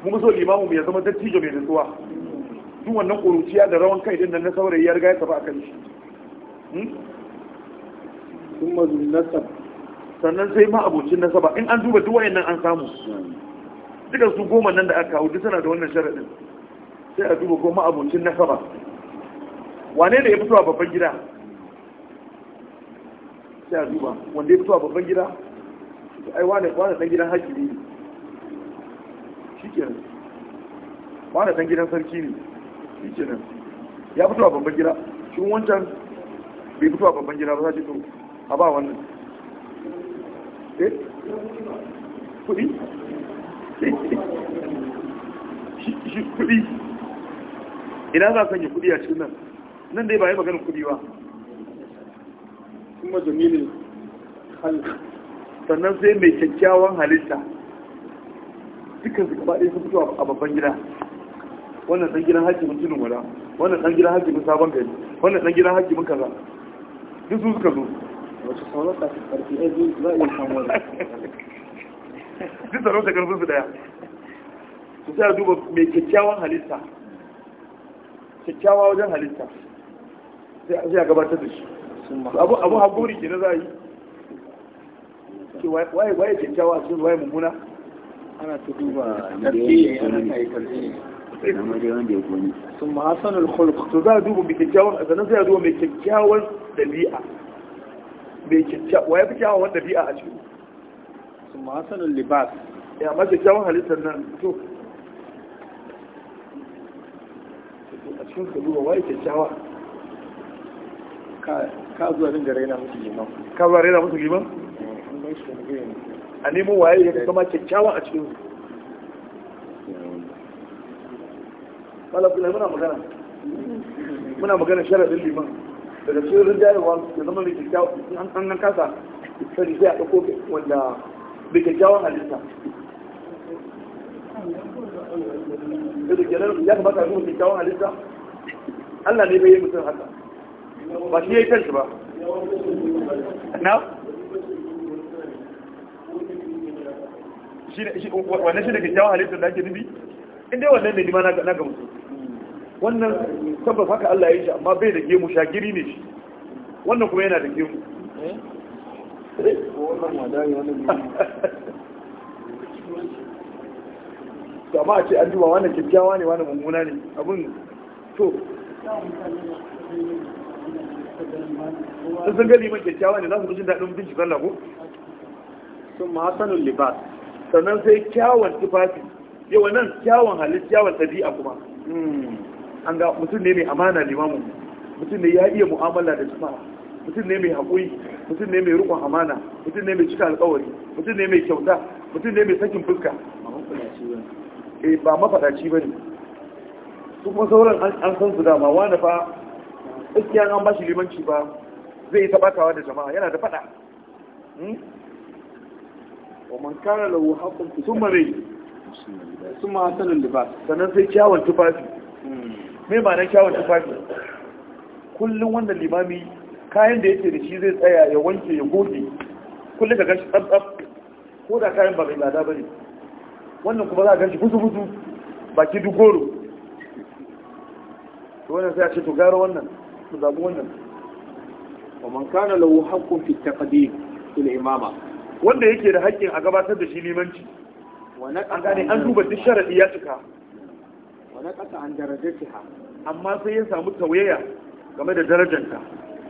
[SPEAKER 1] mun so limamu mai zama dattijo mai nutsuwa duk wannan ƙuruciya da rawan kai din nan na saurayi ya riga ya tafi a kan shi ثم hmm? mazu sannan sai ma abocin nasaba in an duba duwayen nan an samu duka su goma nan da aka kawo duk suna da wannan sharaɗin sai a duba goma abocin nasaba wane da ya fito a babban gida sai a duba wanda ya fito a babban gida ai wane wane dan gidan hakimi ne shikenan wane dan gidan sarki ne shikenan ya fito a babban gida shi wancan bai fito a babban gida ba za ce to a ba wannan Eh? Kuɗi? shi kuɗi. ina za a sanya kudi a cikin nan nan dai ba yi maganin kudi ba kuma jamilin halitta sannan sai mai kyakkyawan halitta dukkan su gaba ɗaya sun fito a babban gida wannan ɗan gidan mun tunin wada wannan ɗan gidan mun sabon gari wannan ɗan gidan mun kaza duk su suka zo wace sarauta su karfi a su sai a duba mai kyakkyawan halitta kyakkyawa wajen halitta sai a gabatar da shi abu ke na yi waye kyakkyawa a cikin waye mummuna ana ta duba sun ma hasanul khulq to za a duba mai kyakkyawan a sanar sai a duba mai kyakkyawan dabi'a mai kyakkyawa, wa ya fi kyawawan ɗabi'a a cikin su ma sanin libas ya mace kyawun halittar nan to a cikin kaduwa wa ya kyakkyawa ka zuwa dinga raina musu liman ka zuwa raina musu liman a nemo waye ya kama kyakkyawa a cikin malafin muna magana muna magana sharaɗin liman daga cikin rinjayarwa ya zama mai kyakkyawan an nan kasa sai sai a ɗauko wanda mai kyakkyawan halitta da kenan ya kamata a zuwa kyakkyawan halitta Allah ne bai yi mutum haka ba shi ya yi kanshi ba na wannan shi da kyakkyawan halitta da ake nufi inda wannan ne ma na ga mutum wannan tabbas haka Allah ya yi shi amma bai da gemu shagiri ne shi wannan kuma yana da gemu ta amma a ce an duba wannan kyakkyawa ne wannan mummuna ne abin to sun gani man kyakkyawa ne za su jin daɗin bin cikin lagu sun sanin libas sannan sai kyawun tufafi yawan nan kyawun halitta kyawun ɗabi'a kuma hmm. an ga mutum ne mai amana limamin mutum ne ya iya mu'amala da jama'a mutum ne mai haƙuri mutum ne mai rukun amana mutum ne mai cika alƙawari mutum ne mai kyauta mutum ne mai sakin fuska eh ba mafaɗaci ba ne su kuma sauran an san su dama wani fa iskiya an ba shi limanci ba zai yi taɓatawa da jama'a yana da faɗa ومن كان له حق ثم ري ثم حسن libas sanan sai kyawun tufafi. Hmm. mai ma na kyawun tufafi kullum wannan limami kayan da yake da shi zai tsaya ya wanke ya goge kullum ka gashi tsabtsab ko da kayan ba mai lada ba ne wannan kuma za a gashi fusu-fusu baki duk goro to wannan sai a ce to gara wannan su zaɓi wannan wa man kana lawo haqqun fi taqdim ila imama wanda yake da haƙƙin a gabatar da shi limanci wannan an gane an duba duk sharadi ya cika wani ƙasa an ha. amma sai ya samu tawayya game da darajarta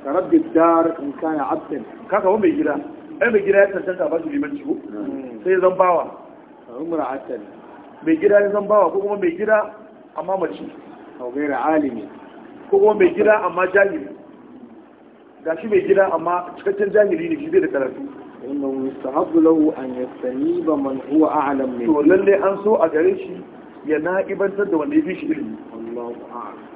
[SPEAKER 1] ka rabbi dar in kana abdin ka kawo mai gida ai mai gida ya tantanta ba shi limanci ciwo. Hmm. sai ya zambawa umra atan mai gida ya zambawa ko kuma mai gida amma mace ko gaira alimi ko kuma mai gida amma jahili gashi mai gida amma cikakken jahili ne shi zai da karatu inna mustahabbu lahu an yastaniba man huwa a'lam min to lalle an so a gare shi ya na'ibantar da wanda ya fi shi ilimi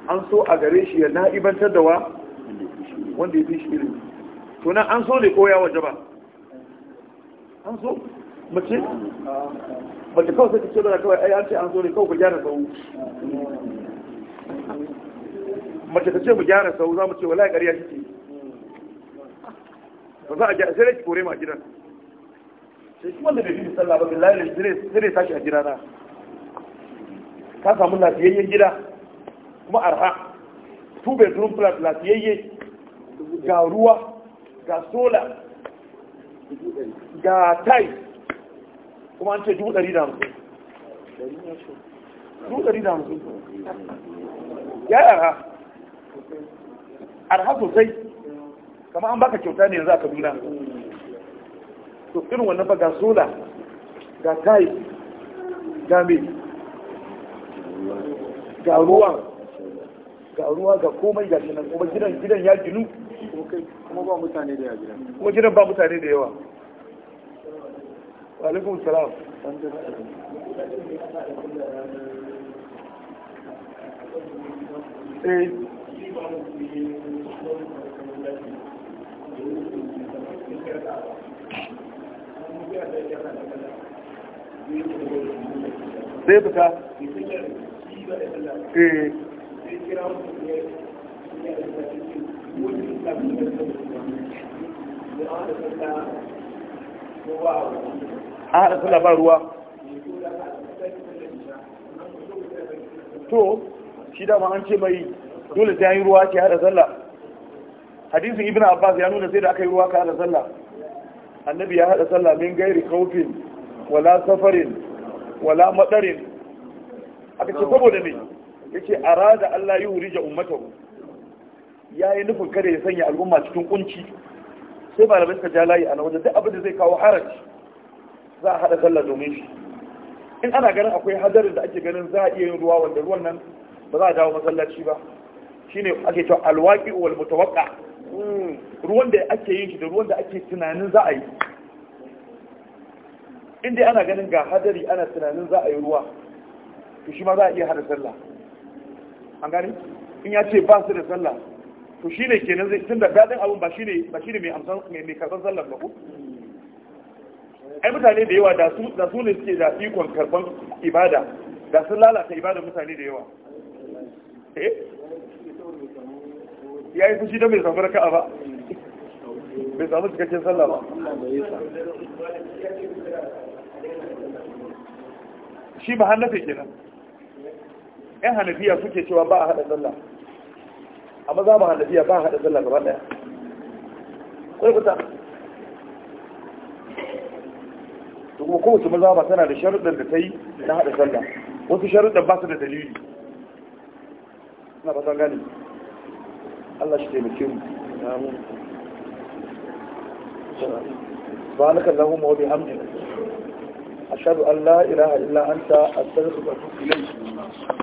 [SPEAKER 1] an so a gare shi ya na'ibantar da wanda ya fi shi ilimi to an so ne koya waje ba an so mace mace kawai sai ce da kawai ai an ce an so ne kawai ku gyara sau mace ta ce mu gyara sau za mu ce wala ƙarya kike ba za a gyara sai ki kore ma gidan sai kuma da bai bi sallah ba billahi ne sai sai a gidana ka samu lafiyayyen gida kuma arha two bedroom flat lafiyayye ga ruwa ga sola ga tai kuma an ce dubu ɗari da hamsin dubu ɗari da hamsin ya yi arha arha sosai kama an baka kyauta ne yanzu a kaduna to irin wannan ba ga sola ga tai ga mai ga ruwa ga ruwa ga komai ga shi nan kuma gidan gidan ya ginu kuma ba mutane da yawa kuma gidan ba mutane da yawa wa alaikum salam
[SPEAKER 2] sai eh. fita Eh. Ah, a haɗa
[SPEAKER 1] sallah ba ruwa to shi dama an ce mai dole sai yi ruwa ke haɗa sallah hadisin ibn abbas ya nuna sai da aka yi ruwa ka haɗa sallah annabi ya haɗa sallah min gairi kaufin wala safarin wala maɗarin. aka ce saboda me yace da Allah yi hurija ya yi nufin kada ya sanya al'umma cikin kunci sai malamai suka ja layi a nan wajen duk abin da zai kawo haraji za a haɗa sallah domin shi in ana ganin akwai hadarin da ake ganin za a iya yin ruwa wanda ruwan nan ba za a dawo masallaci ba shine ake cewa alwaki wal mutawaqqa ruwan da ake yin shi da ruwan da ake tunanin za a yi in dai ana ganin ga hadari ana tunanin za a yi ruwa to shi ma za a iya hada sallah an gani in ya ce ba su da sallah to shi ne kenan zai tun da daɗin abin ba shi ne ba shi ne mai amsan mai karɓar sallah ba ko ai mutane da yawa da su da su ne suke da ikon karɓar ibada da sun lalata ibada mutane da yawa eh ya yi fushi da mai samu raka'a ba bai samu cikakken sallah ba shi ba hannafe kenan yan hanafiya suke cewa ba a haɗa sallah amma za mu hanafiya ba a haɗa sallah gaba ɗaya kwai kuta to kuma kowace maza ba tana da sharuɗar da ta yi na haɗa sallah wasu sharuɗar ba su da dalili na fatan gani Allah shi taimake mu amin سبحانك اللهم وبحمدك أشهد أن لا إله إلا أنت أستغفرك وأتوب إليك